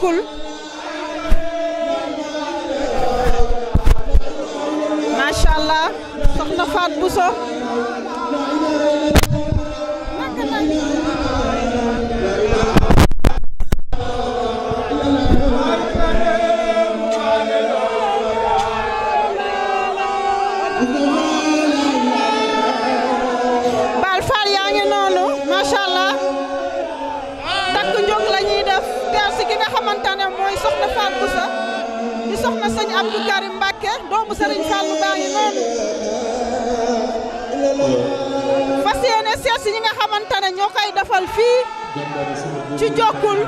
okul Serigne Abdou Karim Mbacke doomu Serigne Fallou baa ngi noonu fas yéene seet si ñi nga xamante ñoo koy defal fii ci jokkul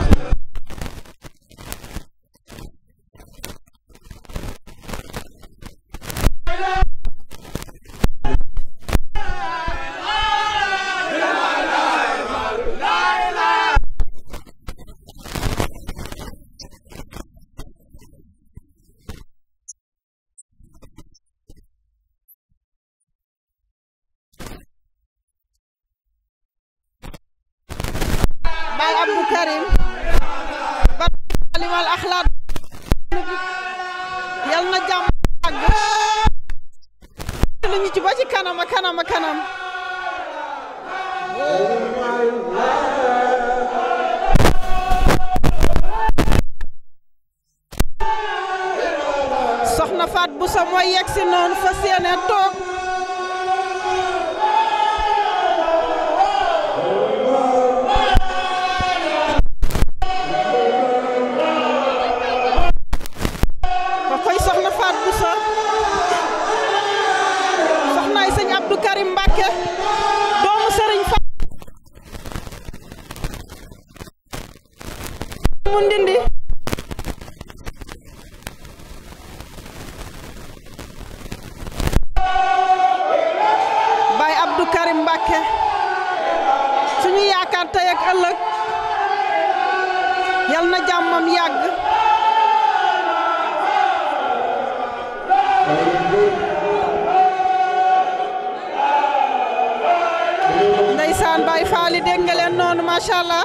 macha allah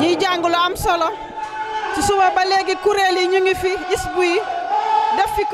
ñuy am solo ci suba ba léegi kuréel ñu ngi fi isbu yi def fi.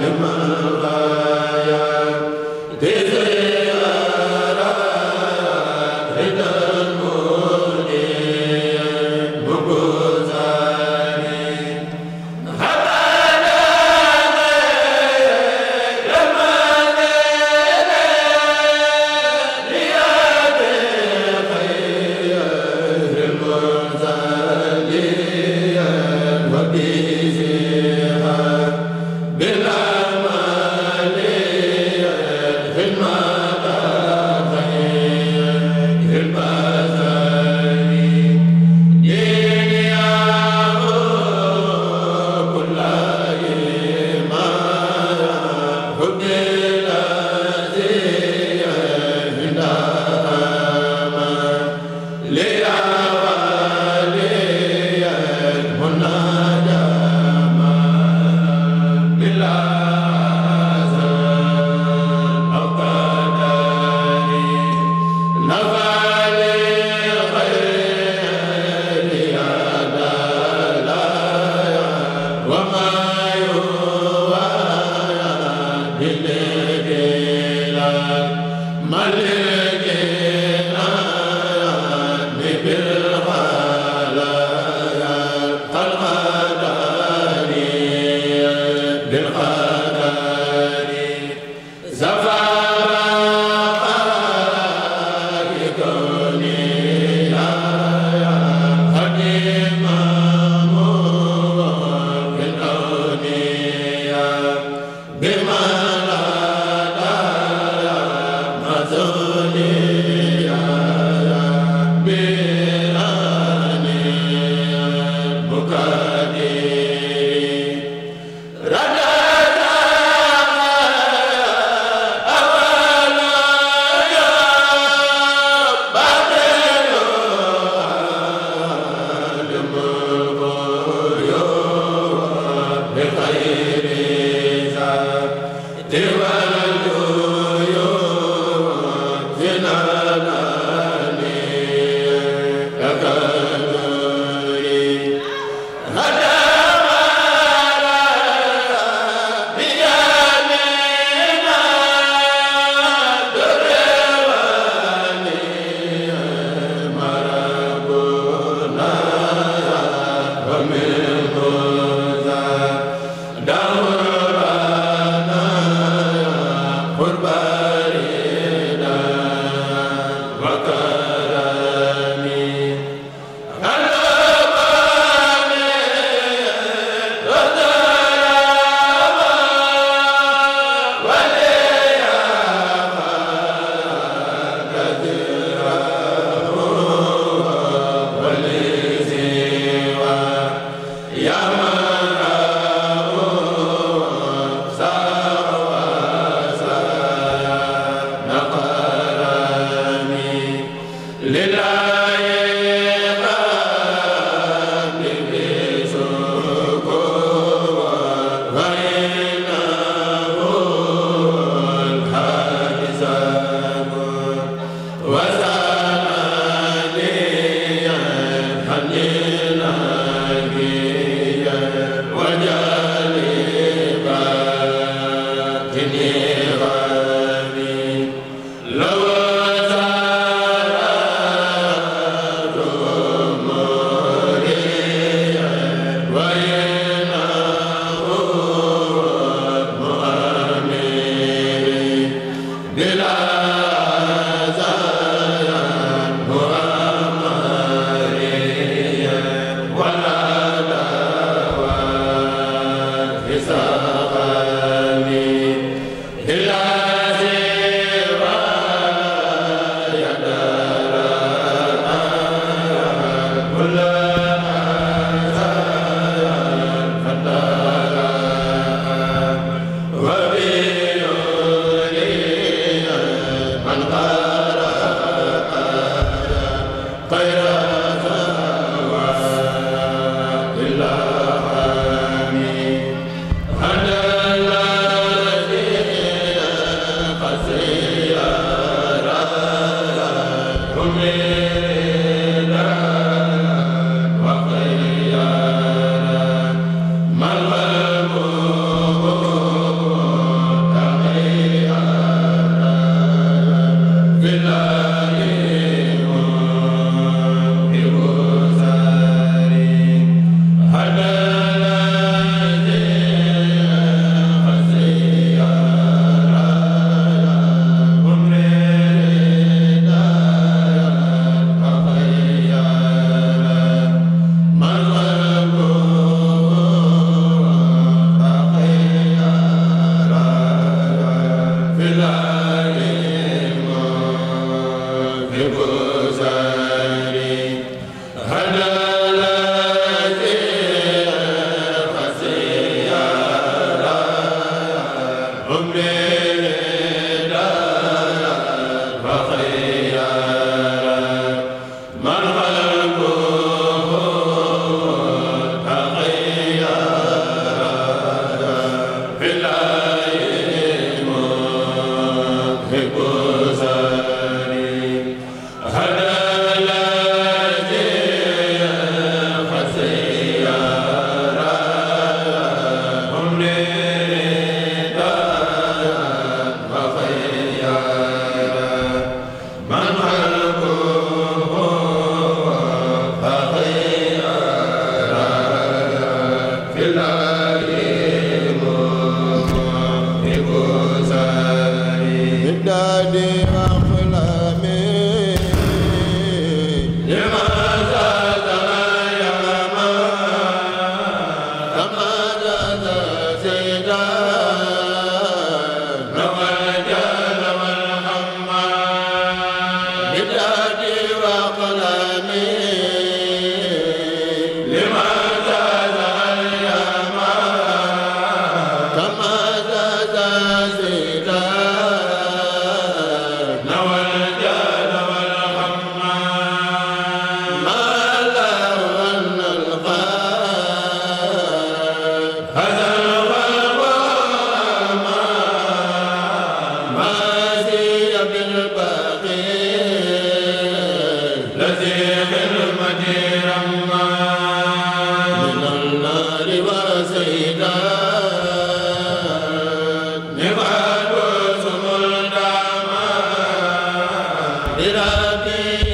Yamal. Radhe be.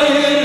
Yeah.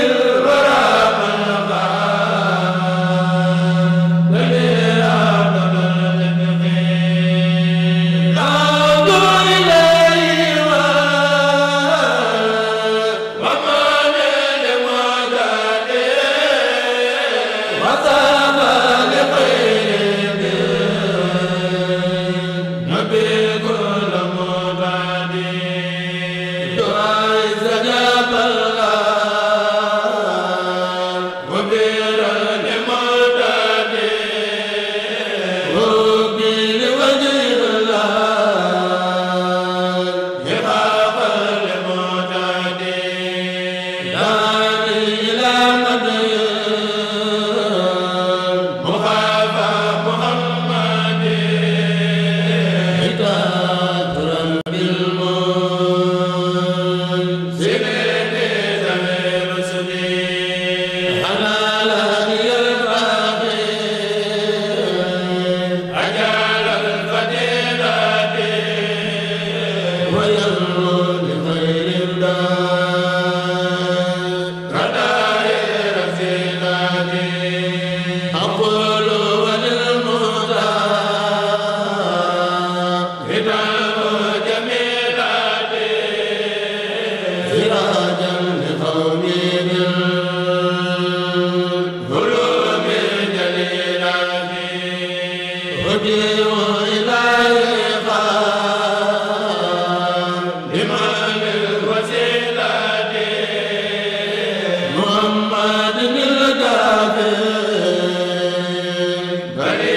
Hare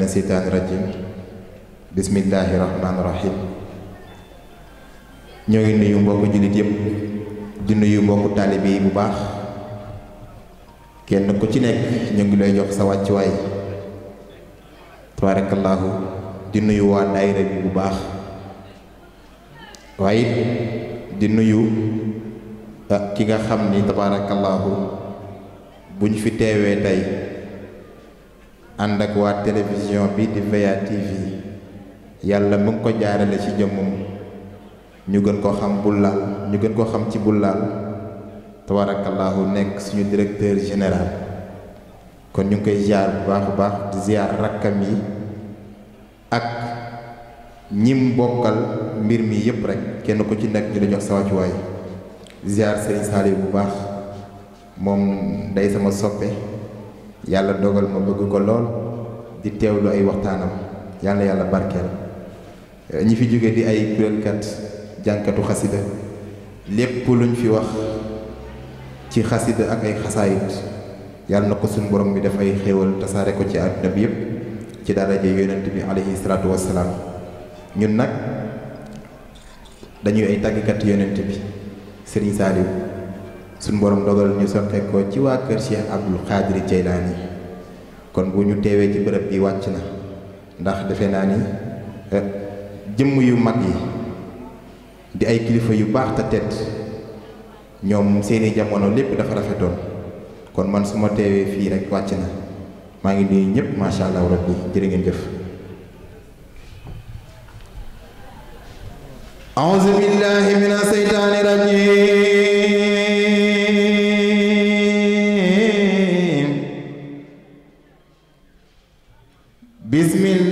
من الشيطان الرجيم بسم الله الرحمن الرحيم نيو نيو مبوك جوليت ييب دي نيو مبوك طالبي بو باخ كين كو سي نيك نيغي لاي جوخ سا واتي واي تبارك الله دي نيو وا دايره بي بو باخ واي دي نيو كيغا خامني تبارك الله بوني في تيوي تاي ànd ak waa télévision bi di VA TV yàlla mu ngi ko jaarale ci jëmmum ñu gën ko xam Bullaal ñu gën ko xam ci bul Bullaal tabaarakallaahu nekk suñu directeur général kon ñu ngi koy ziar bu baax baax di ziar rakkam yi ak ñim bokkal mbir mi yëpp rek kenn ku ci nekk ñu la jox sa wàccuwaay ziar Serigne bu baax moom day sama soppe yàlla dogal ma bëgg ko lool di teew lu ay waxtaanam yàlla yàlla barkeel eh, ñi fi jóge di ay kuréelkat jànkatu xasida lépp luñ fi wax ci xasida ak ay xasaayit yàlla na ko suñ borom bi dafay xéewal tasaare ko ci àdduna bi yépp ci daraja yonent bi alayhi salaatu wassalaam ñun nag dañuy ay tàggkat yonent bi Serigne Saliou sun borom dogal ñu soxé ko ci wa kër cheikh abdul qadir jaylani kon bu ñu téwé ci bërepp bi wacc na ndax défé na ni eh, jëm yu mag yi di ay kilifa yu baax ta tét ñom seeni jamono lepp dafa rafetone kon man suma téwé fi rek wacc na ma ngi nuyu ñëpp ma sha allah rabbi jëre ngeen jëf أعوذ بالله من الشيطان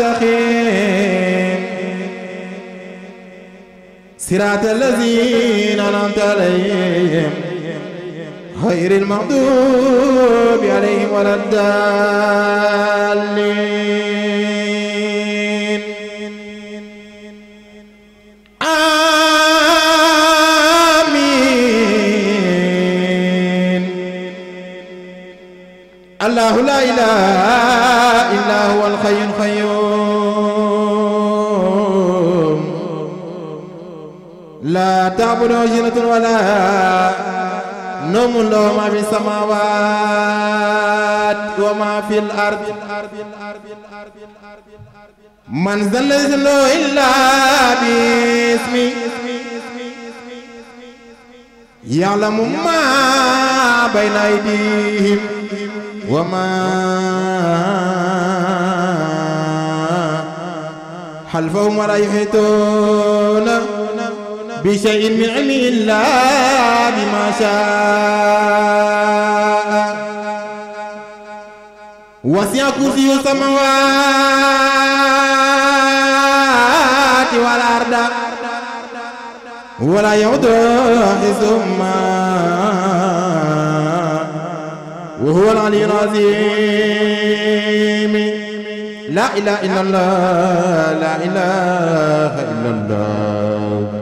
المستقيم صراط الذين أنعمت عليهم غير المغضوب عليهم ولا الضالين آمين الله لا إله إلا هو الخير الخير لا تعبدوا جنة ولا نوم الله ما في السماوات وما في الأرض من ذا الذي له إلا باسمي يعلم ما بين أيديهم وما خلفهم ولا يحيطون بشيء من علم إلا بما شاء وسع كرسي السماوات والأرض ولا يعود حزما وهو العلي العظيم لا إله إلا الله لا إله إلا الله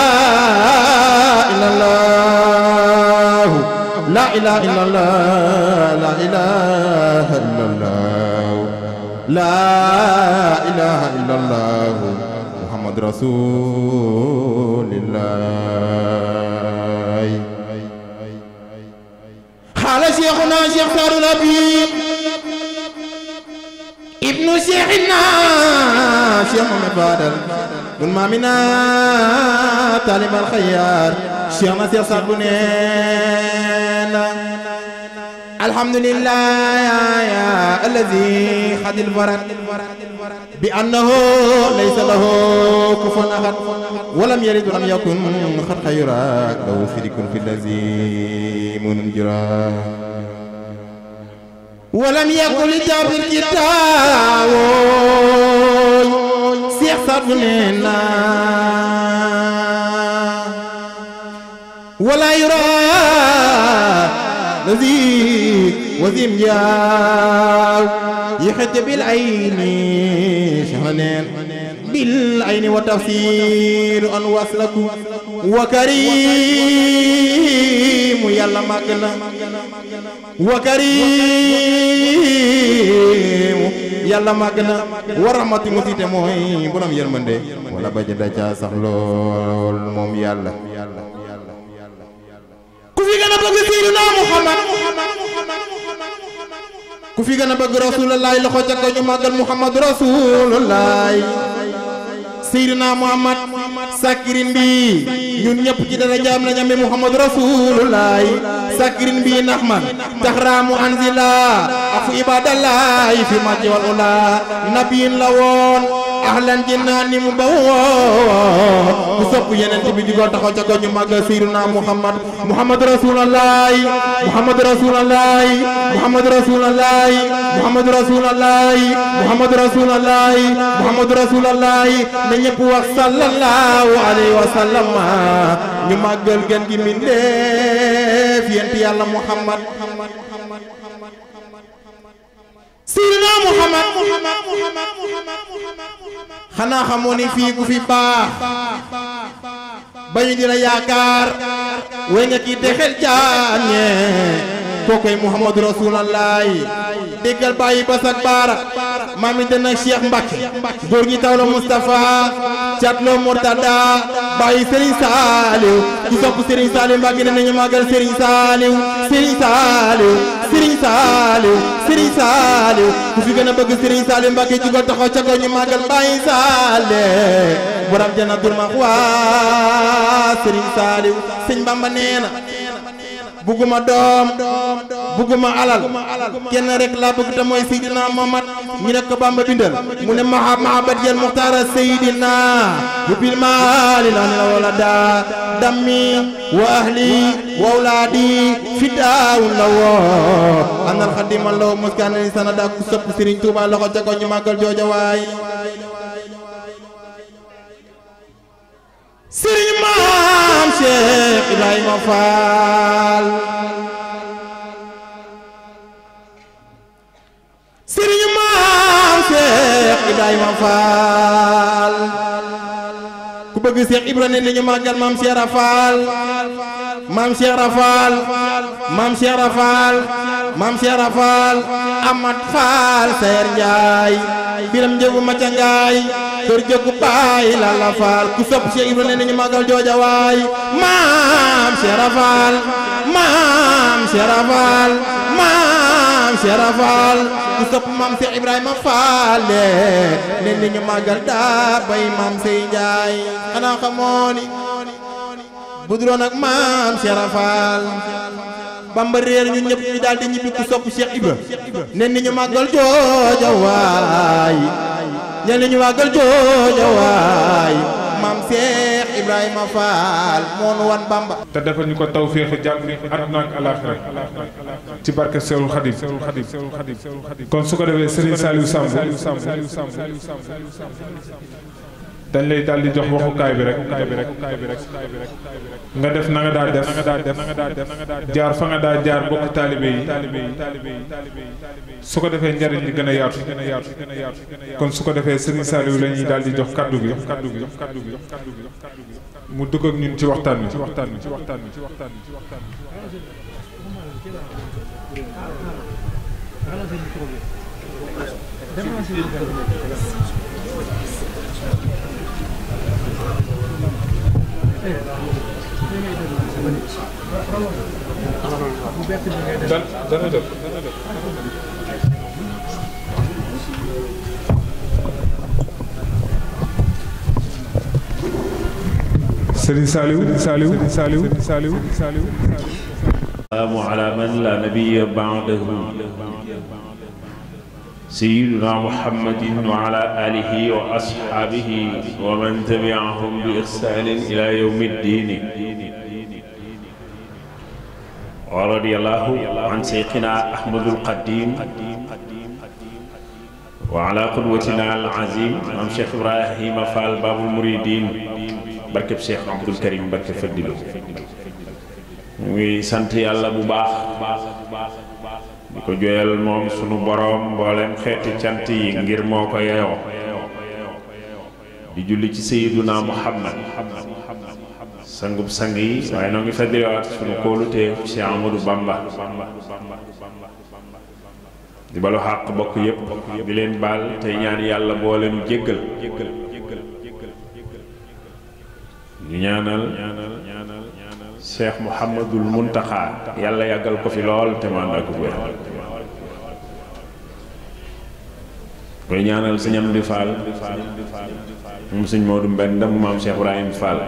إله إلا الله لا إله إلا الله لا إله إلا الله محمد رسول الله قال شيخنا شيخ دار الأبيب ابن شيخنا شيخ قل ما والمامنا طالب الخيار شيخنا صابوني الحمد لله الذي خد البرد بأنه ليس له كفوا أحد ولم يرد ولم يكن خد خيرا له شريك في الذي منجرا ولم يكن لجاب الكتاب سيحصل منا ولا يرى نزيد وزيم جاو يحت بالعين شهنين بالعين وتفسير أن وصلك وكريم يلا مكنا وكريم yàlla màgg na wa rahmati mu siite mooy borom yërmande wala ba jënda ca sax lool moom yàlla fi gën a bëgg Seydina Muhammad ku fi gën a bëgg Rasulullaay loxo ca ko ñu màggal Muhammad Rasulullaay sayyidina muhammad sakirin bi ñun ñep ci dara jam la ñambe muhammad rasulullah sakirin bi nahman tahramu anzila afu ibadallah fi majji wal ula nabiyin lawon ahlan jinani mu bawo bu sopp yenen ci bi digo taxaw ci goñu magga sayyidina muhammad muhammad rasulullah muhammad rasulullah muhammad rasulullah muhammad rasulullah muhammad rasulullah muhammad rasulullah ñëpp wax sallallahu alayhi wa sallam ñu màggal gën gi mbindéef yent yàlla muhammad sayyidina muhammad xanaa xamoo ni fii ku fi baax ba ñu dina yaakaar way nga kii texel jaan ñee kookoy Muhammadu Rasulullahi déggal bàyyi basak baara maami dana Cheikh Mbacke góor gi taw la Moustapha Catloo Murtada bàyyi Serigne Saliou ku sopp Serigne Saliou Mbacke ne nañu màggal Serigne Saliou Serigne Saliou Serigne Saliou ku fi gën a bëgg Serigne Saliou Mbacke ci ko ca ko ñu màggal bàyyi Saliou borom janatul maxwa Serigne Saliou Sëñ Bamba nee buguma dom buguma alal kenn rek la bëgg ta moy sayidina muhammad ñu nek bamba bindal mu ne maha mahabbat yal muhtara sayidina bil mal la ni wala da dami wa ahli wa uladi fidaa lawo an al khadim allah muskanani sanada ku sopp serigne touba loxo ci ko ñu magal jojo way sëriñ maam Cheikh Ibrahima Fall sëriñ maam Cheikh Ibrahima Fall bëgg Cheikh Ibra ne nañu màggal maam Cheikh Rafaal maam Cheikh Rafaal maam Cheikh Rafaal maam Cheikh Rafaal Amat Faal Seer Njaay Biram Njëgu Maca Ngaay Kër Jëgu Baay Lalla Faal ku sopp Cheikh Ibra ne nañu màggal jooja waay maam Cheikh Rafaal maam Cheikh Rafaal maam Cheikh Rafaal ku sopp maam Cheikh Ibrahima Faal ne nañu màggal daa bay maam Sey Njaay xanaa xamoo ni bu duloon ak maam a Fall Bamba réer ñun ñëpp ñu daal di ñibbi ku sopp Cheikh Ibra ne ni ñu màggal jooja waay ne ni ñu màggal jooja waay maam Cheikh Ibrahima Fall moonu wan Bamba te defal ñu ko tawféexu jàmm àdduna ak alaaxira ci barke Sewul Xadim kon su ko defee Serigne Saliou Samb dañ lay daal di jox waxukaay bi rek nga def na nga daa def jaar fa nga daa jaar bokk taalibe yi su ko defee njariñ li gën a yaatu kon su ko defee Serigne Saliou la ñuy daal di jox kaddu gi mu dugg ak ñun ci waxtaan wi. Thank you. Serigne Saliou Saliou Saliou Saliou Saliou. Salaamu ala man la nabiyya ba'dahu. سيدنا محمد وعلى آله وأصحابه ومن تبعهم بإحسان إلى يوم الدين ورضي الله عن شيخنا أحمد القديم وعلى قدوتنا العظيم عن شيخ إبراهيم فالباب المريدين بركب شيخ عبد الكريم بركب فردلو muy sant yalla bu baax diko joyal mom sunu borom bolem xeti cyant yi ngir moko yeyo di julli ci sayyiduna muhammad sangub sangi way no ngi fadli wat sunu kolute ci amadou bamba di balu haq bokk yep di len bal te ñaan yalla bolem jegal ñu ñaanal ñaanal ñaanal cheikh Mouhamadul Muntaxa yàlla yàggal ko fi lool te mandaa ko wér koy ñaanal sëñ Amdi Fall moom sëñ Moodu Mbend ndam maam Cheikh Ibrahim Fall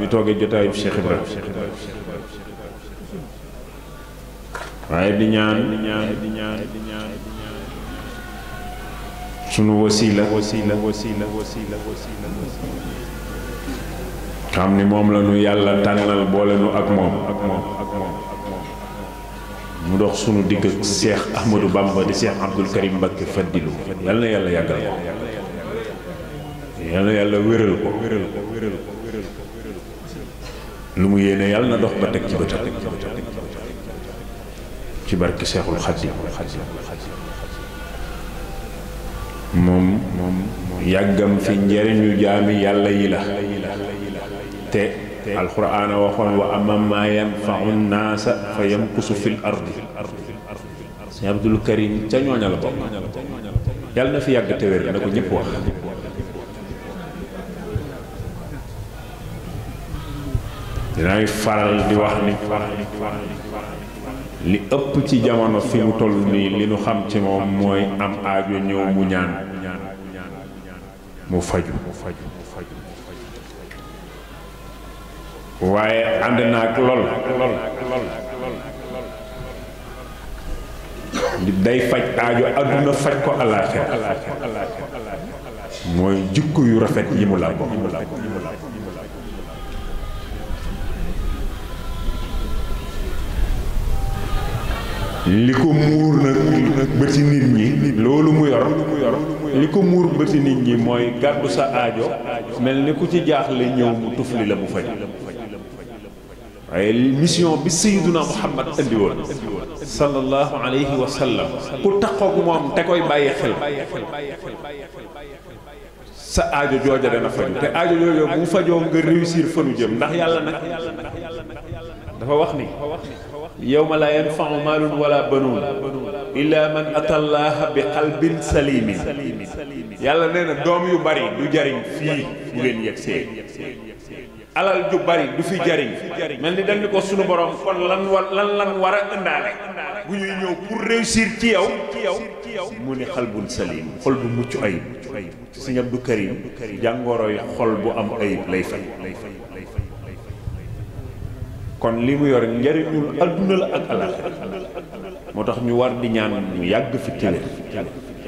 mi toogee jotaayu Cheikh Ibra waaye di ñaan sunu wasila wasila wasila wasila xam ni moom la ñu yàlla tànnal boole nu ak moom mu dox sunu digg ak seex Ahmadou Bamba di seex Abdul Karim Mbakke Fadilu yal na yàlla yàggal ko yal na yàlla wéral ko lu mu yéene yàlla na dox ba teg ci bëtam ci barki seexul Xaadim moom yàggam fi njariñu jaami yàlla yi la te alxuraan a waxoon wa amma maa yanfau nnaasa fa yamkusu fil ardi sëñ Abdul Karim ca ñooña la bokk yàlla na fi yàgg te wér ko ñëpp wax dinaay faral di wax ni li ëpp ci jamono fi mu toll nii li nu xam ci moom mooy am aajo ñëw mu ñaan mu faju waaye ànd na ak lool day faj aajo àdduna faj ko alaaxir mooy jikko yu rafet yi mu la li ko muur nag bëti nit ñi loolu mu yor li ko muur bëti nit ñi mooy gàddu sa aajo mel ni ku ci jaaxle ñëw mu tufli la mu faj waaye mission bi sayyiduna muhammad andi woon sallallahu alayhi wa sallam ku taqoog moom te koy bàyyi xel sa aajo jooja dana faju te aajo jooja bu fajoo nga réussir fanu jëm ndax yàlla nag dafa wax ni yawma laa yanfau maalun wala banuun illa man atallaaha bi qalbin salimin yàlla nee na doom yu bari du jariñ fii bu ngeen yegsee alal ju bari du fi jariñ mel ni dañ ko sunu borom kon lan lan lan war a ëndaale bu ñuy ñëw pour réussir ci yow mu ne xalbun salim xol bu mucc ayib Sëñ Abdou Karim jàngoro yi xol bu am ayib lay fay kon li mu yor njariñul aduna la ak alakhir motax ñu war di ñaan ñu yagg fi tele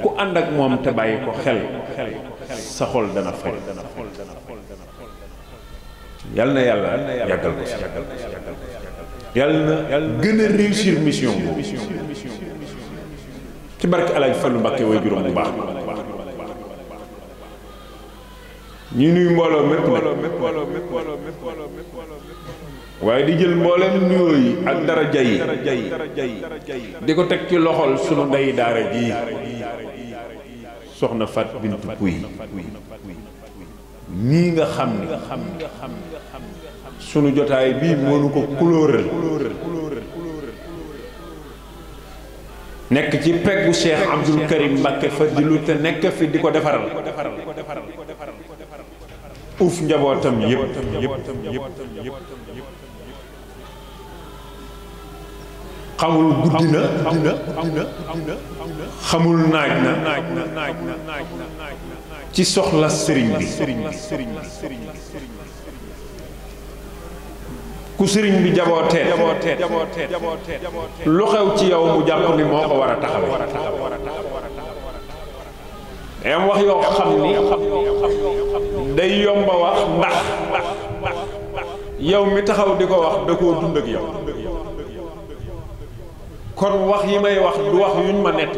ku and ak mom te bayiko xel sa xol dana fay yal na yalla yagal ko yal na gëna réussir mission bo ci barke alay fallu mbacke way juroom bu baax ñi nuy mbolo mepp nak waaye di jël mboolem nuyoo yi ak daraja yi di ko teg ci loxol sunu ndey daara ji soxna Fat Bintou Pouye nii nga xam ne sunu jotaay bii mënu ko kulóoral nekk ci peggu Cheikh Abdoul Karim Mbacké Fadilou te nekk fi di ko defaral uuf njabootam yëpp yëpp yëpp xamul guddi na na na xamul naaj na ci soxla sëriñ bi ku sëriñ bi jabootee lu xew ci yow mu jàpp ni moo ko war a taxawee day am wax yoo xam ni day yomba wax ndax yow mi taxaw di ko wax da koo dund ak yow kon wax yi may wax du wax yuñ ma nett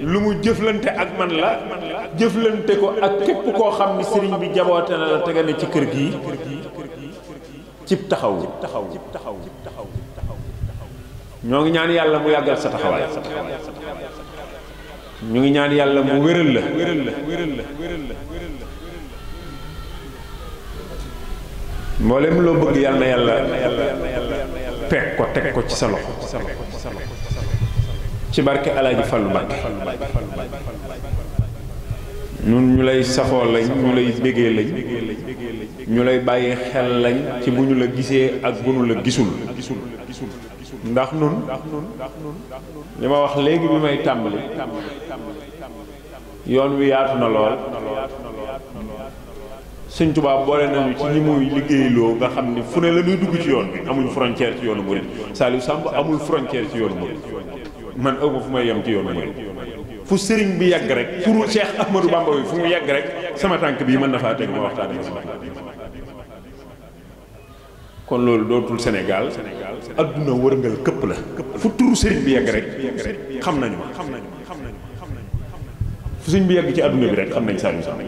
lu mu jëflante ak man la jëflante ko ak képp koo xam ni sëriñ bi jaboote na la tegale ci kër gi cib taxaw ñoo ngi ñaan yàlla mu yàggal sa taxawaay ñu ngi ñaan yàlla mu wéral la wéral la wéral la mboolem loo bëgg yàlla na yàlla peeg ko teg ko ci sa loxo ci barke alaaji Fallu Mbàkke nun ñu lay safoo lañ ñu lay bégee lañ ñu lay bàyyi xel lañ ci bu ñu la gisee ak bu ñu la gisul ndax nun li ma wax léegi bi may tàmbali yoon wi yaatu na lool sëñ Tuubaa boole nañu ci ñi muy loo nga xam ne fu ne la dugg ci yoon bi amuñ frontière ci yoonu murid Saliou Samb amul frontière ci yoonu murid man ëpp fu may yem ci yoonu murid fu sëriñ bi yàgg rek pour Cheikh Ahmadou Bamba bi fu mu yàgg rek sama tànk bii mën na faa teg ma waxtaane kon loolu dootul Sénégal adduna wërngal këpp la fu turu sëriñ bi yàgg rek xam nañu ma fu sëriñ bi yàgg ci bi rek xam nañ Saliou Samb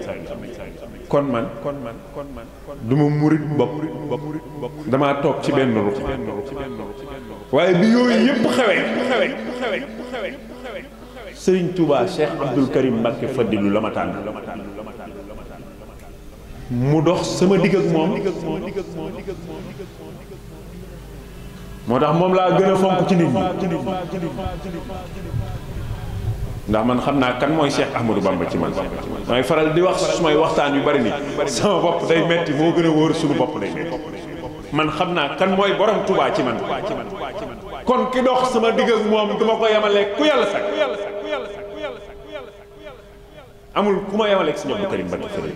kon man kon man kon man du ma murit bopp damaa toog ci benn ruq waaye bi yooyu yëpp xewee xewee Serigne Touba Cheikh Abdoul Karim Mbacke Fadilu la ma tànn mu dox sama digg ak moom moo tax moom laa gën a fonk ci nit ñi ndax man xam naa kan mooy cheikh ahmadou bamba ci man may faral di wax may waxtaan yu bari ni sama bopp day metti moo gën a wóor suñu bopp day metti man xam naa kan mooy borom tuba ci man kon ki dox sama digg ak moom duma ko yamaleeg ku yàlla sag amul ku ma yamaleeg si ñoom bu karim bati fëri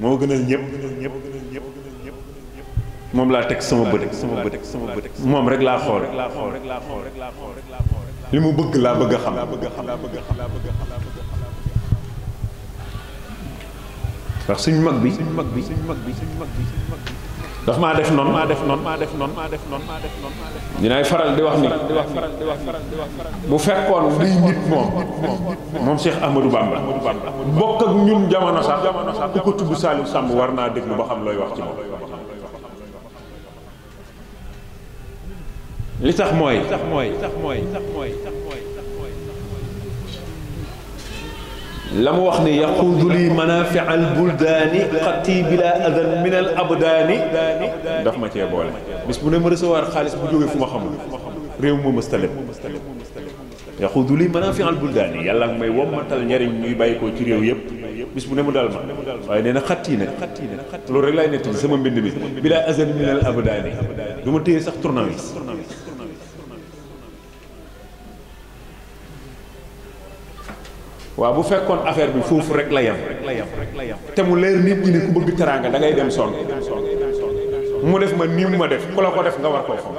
moo gën a ñëpp moom laa teg sama bëdd moom rek laa xool rek laa xool rek laa xool rek laa xool rek laa xool li mu bëgg laa bëgg a xam ndax suñ mag bi suñu mag bi suñ mag bi suñ mag bi daf maa def noon maa def noonu maa def noonu maa def noonu maa dinaay faral di wax ni bu fekkoon liy nit moom moom Cheikh Ahmadou Bamba bokk ak ñun jamono sax ku ko tudd Saliou Samb war naa déglu ba xam looy wax ci moom li tax mooy la mu wax ni yaquudu li manafi al buldaani xatti bila adan min al abdaani daf ma cee boole bis bu ne ma recevoir xaalis bu jógee fu ma xamul réew ma mës talib yaquudu li manafi al buldaani yàlla ak may wommatal njariñ muy bàyyi ko ci réew yépp bis bu ne mu dal ma waaye nee na xat yi nag loolu rek laay nettali sama mbind mi bila azan min al abdaani du ma téye sax tournevis waaw bu fekkoon affaire bi foofu rek la yem te mu leer nit ñi ne ku bëgg teraanga da ngay dem sonn mu def ma nii mu ma def ku la ko def nga war koo foog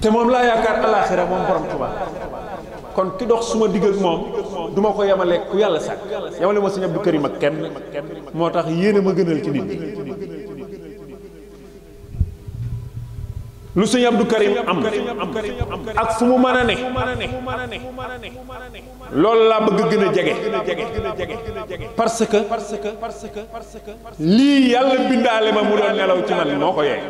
te moom laa yaakaar alaaxira moom borom Tuubaa kon ki dox suma digg moom du ma ko yemale ku yàlla sàkk yemale ma sëñ Abdou Karim ak kenn moo tax yéene ma gënal ci nit ñi lu sëñ Abdou Karim am ak fu mu mën a ne loolu laa bëgg gën a jege parce que lii yàlla bindaale ma mu doon nelaw ci man moo ko yee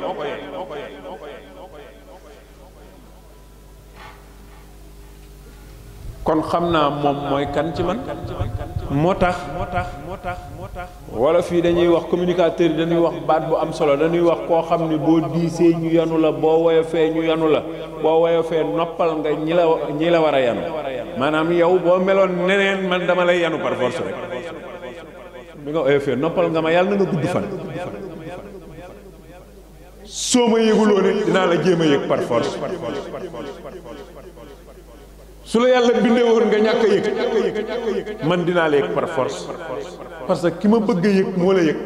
kon xam naa moom mooy kan ci man moo tax wala fii dañuy wax communicateur yi dañuy wax baat bu am solo dañuy wax koo xam ne boo diisee ñu yanu la boo fee ñu yanu la boo woyofee noppal nga ñi la ñi la war a yanu maanaam yow boo meloon neneen man dama lay yanu par force rek mi noppal nga ma yàlla na nga gudd fan soo ma yëguloo ne dinaa la jéem a yëg par force su la yàlla bindee woon nga ñàkk a yëg man dinaa la yëg par force parce que ki ma bëgg a yëg moo la yëg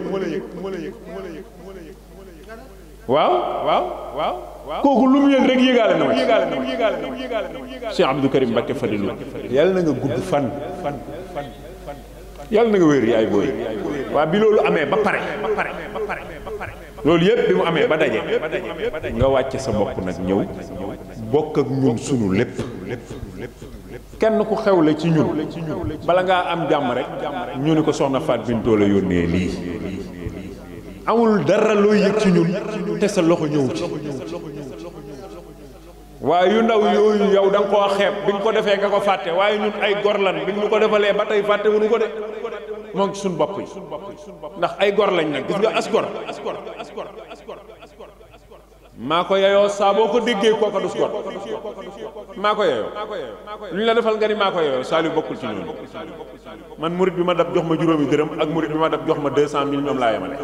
waaw waaw waaw kooku lu mu yëg rek yëgaale na ma Cheikh Abdou Karim Mbacké Fadilou yàlla na nga gudd fan yàlla na nga wér yaay booy waa bi loolu amee ba pare loolu yëpp bi mu amee ba daje nga wàcce sa bopp nag ñëw bokk ak ñun sunu lépp kenn ku xewle ci ñun bala ngaa am jàmm rek ñu ni ko soxna Fatou Bintou la yónnee lii amul dara looy yëg ci ñun te sa loxo ñëw ci waaye yu ndaw yooyu yow danga koo xeeb bi nga ko defee nga ko fàtte waaye ñun ay lan bi ñu ko defalee ba tey fàtte wuñu ko de moo ngi suñ bopp yi ndax ay gor lañ nag gis nga as gor maa ko yeyoo saa boo ko déggee kooka dus got maa ko yeyoo lu ñu la defal nga ni maa ko yeyoo Saliou bokkul ci ñoom man murit bi ma dab jox ma juróomi dërëm ak murit bi ma dab jox ma deux cent mille ñoom laa yemale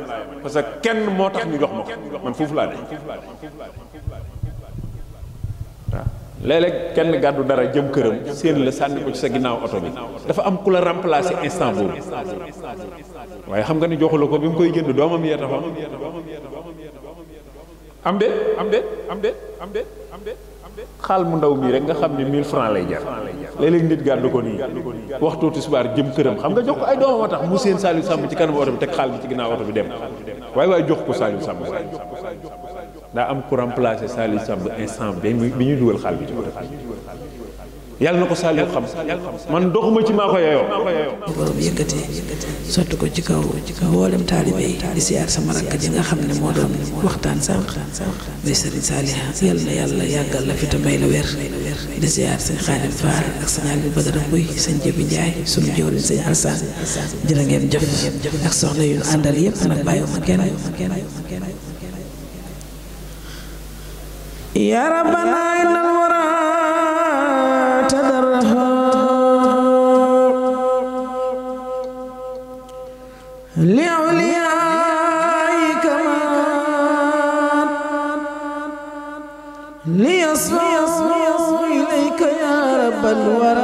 parce que kenn moo tax ñu jox ma ko man foofu laa de waaw léeg-léeg kenn gàddu dara jëm këram seen la sànni ko ci sa ginnaaw oto bi dafa am ku la remplacer instant boobu waaye xam nga ni joxu la ko bi mu koy jënd doomam yee taxoon am de am de am de am de am de xaal mu ndaw mii rek nga xam ni 1000 francs lay jar léeg-léeg nit gàddu ko nii waxtu tisbaar jëm këram xam nga jox ko ay doomam a tax mu seen Saliou Samb ci kanam oto bi teg xaal bi ci ginnaaw oto bi dem waaye waaye jox ko Saliou Samb daa am ku remplacer Saliou Samb instant bi ñuy dugal xaal bi ci oto bi yàlla na ko Saliou xam man doxuma ci maa ko yeyoo borom ko ci kaw ci kaw mboolem taalibe yi nga xam ne moo doon waxtaan sànq muy Serigne Saliou yàlla na yàlla yàggal la fi te may la wér di siyaar sëñ Xaadim Faal ak sëñ Aliou Badara Mbuy sëñ Jébi Njaay suñu jëwriñ sëñ Alsaan jërë ngeen jëf ak soxna yu àndal yépp nag bàyyiwuma kenn ya rabbana innal wara لعليائك مان ليصفوا إليك يا رب الورى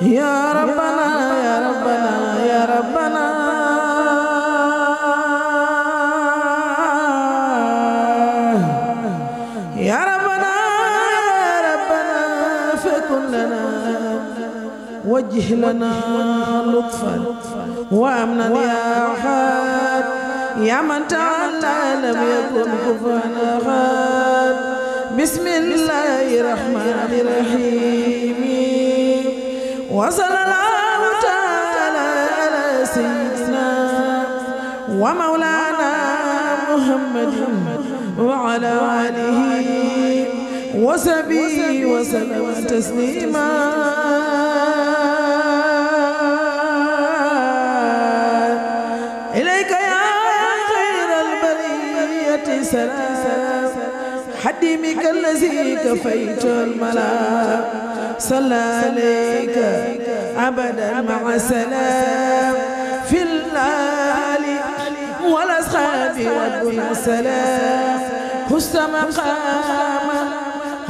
يا ربنا يا ربنا يا ربنا يا ربنا يا ربنا فكن لنا وجه لنا لطفا وأمنا يا أحد يا من تعالى لم يكن كفوا أحد بسم الله الرحمن الرحيم وصلى الله تعالى على سيدنا ومولانا محمد وعلى آله وصحبه وسلم تسليما حديمك الذي كفيت الملا صلى عليك أبدا مع سلام في الآل والأصحاب ربنا سلام حس مقاما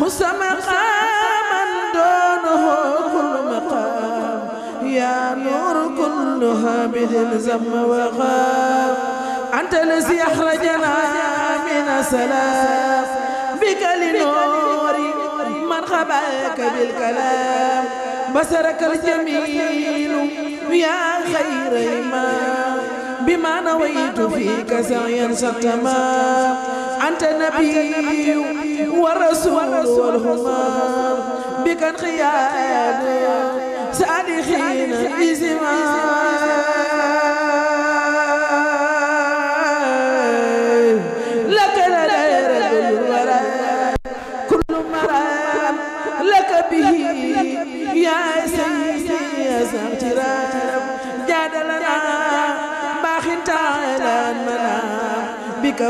حس مقاما دونه كل مقام يا نور كلها بذل زم وغاب أنت الذي أخرجنا من سلام بك لنوري من خباك بالكلام بصرك الجميل يا خير إمام بما نويت فيك سعيا ستما أنت نبي ورسول والهمام بك الخيانة سالخين الإزمام يا سيدي يا سيدي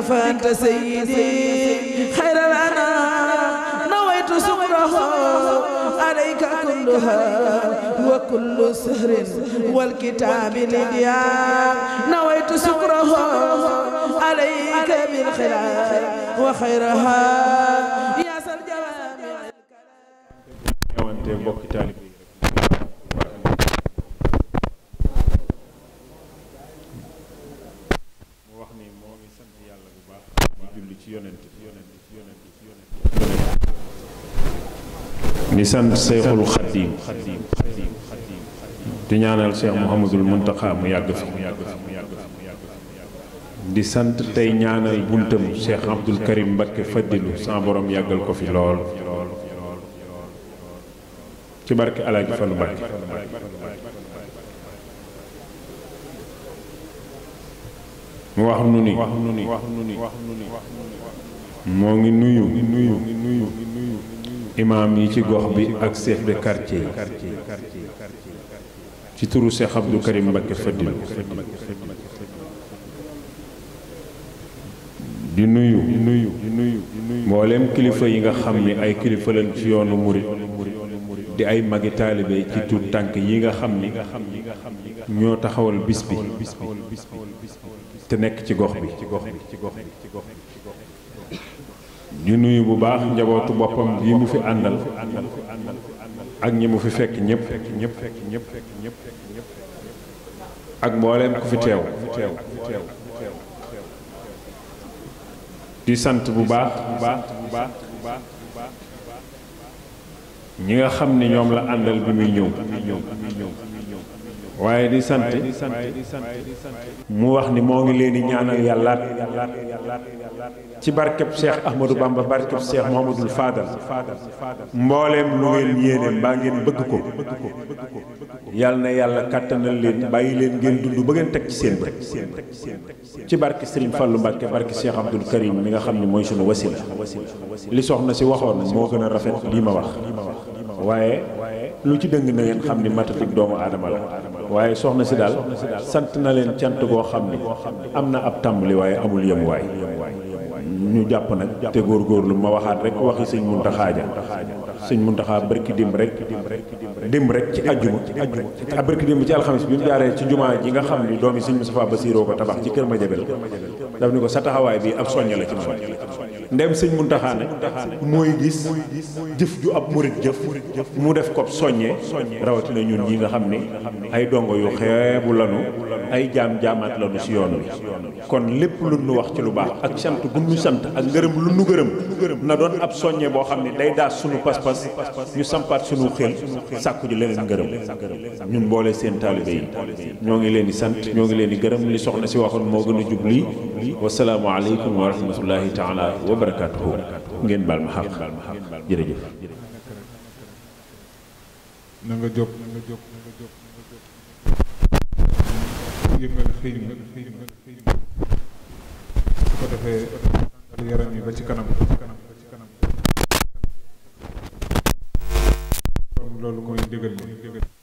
فانت سيدي خير لنا نويت سمره عليك كلها وكل سهر والكتاب لديا نويت سكره عليك بالخير وخيرها يا سر جوامع الكلام ci yonent ni sant seexul xaddiim di ñaanal seex muhammadul muntaxa mu yàgg fi di sant tey ñaanal buntam seex abdul karim mbakke faddilu sa borom yàggal ko fi lool ci barke alaaji Fallu Mbakke mu wax nu ni moo ngi nuyu nuyu imaam yi ci gox bi ak chef de quartier yi ci turu Cheikh Abdou Karim Mbacké Fadilou di nuyu nuyu mboolem kilifa yi nga xam ni ay kilifa ci yoonu murit di ay magi taalibe ci tuut tànk yi nga xam ni ñoo taxawal bis bi te nekk ci gox bi ñu nuyu bu baax njabootu boppam bii mu fi àndal ak ñi mu fi fekk ñëpp ak mbooleem ku fi teew di sant bu baax ñi nga xam ni ñoom la àndal bi muy ñëw waaye di sant mu wax ni moo ngi leen di ñaanal yàllaat ci barkeb Cheikh Ahmadou Bamba barkeb Cheikh Mouhamadoul Fadal mbooleem lu ngeen yéene mbaa ngeen bëgg ko yàlla na yàlla kàttanal leen bàyyi leen ngeen dund ba ngeen teg ci seen bët ci barke Serigne Fallou Mbacke barke Cheikh Abdoul Karim mi nga xam ne mooy sunu wasila li soxna si waxoon moo gën a rafet lii ma wax waaye lu ci dëng na ngeen xam ni matatik doomu aadama la waaye soxna si daal sant na leen cant goo xam ne am na ab tàmbali waaye amul yem waay ñu jàpp nag te góor góorlu ma waxaat rek waxi sëñ munta xaaja sëñ munta xaa barki dim rek dim rek ci àjjuma a barki dim ci alxames bi mu jaaree ci jumaa ji nga xam ni doomi sëñ Moustapha Basirou ko tabax ci kër ma jabel daf ni ko sa taxawaay bi ab soññe la ci moom ndem sëñ Muntaxa nag mooy gis jëf ju ab murit jëf mu def ko soññee rawatina ñun ñi nga xam ne ay dongo yu xeebu lanu ay jaam jaamaat lanu si yoon wi kon lépp lu nu wax ci lu baax ak sant bu nu sant ak ngërëm lu nu gërëm na doon ab soññee boo xam ne day daas sunu pas-pas ñu sampaat sunu xel sàkku ji leneen ngërëm ñun mboole seen taalibe ñoo ngi leen di sant ñoo ngi leen di gërëm li soxna si waxoon moo gën a jub والسلام عليكم ورحمة الله تعالى وبركاته جن بالمحق يرجف نعجب Lalu kau ini degil, degil.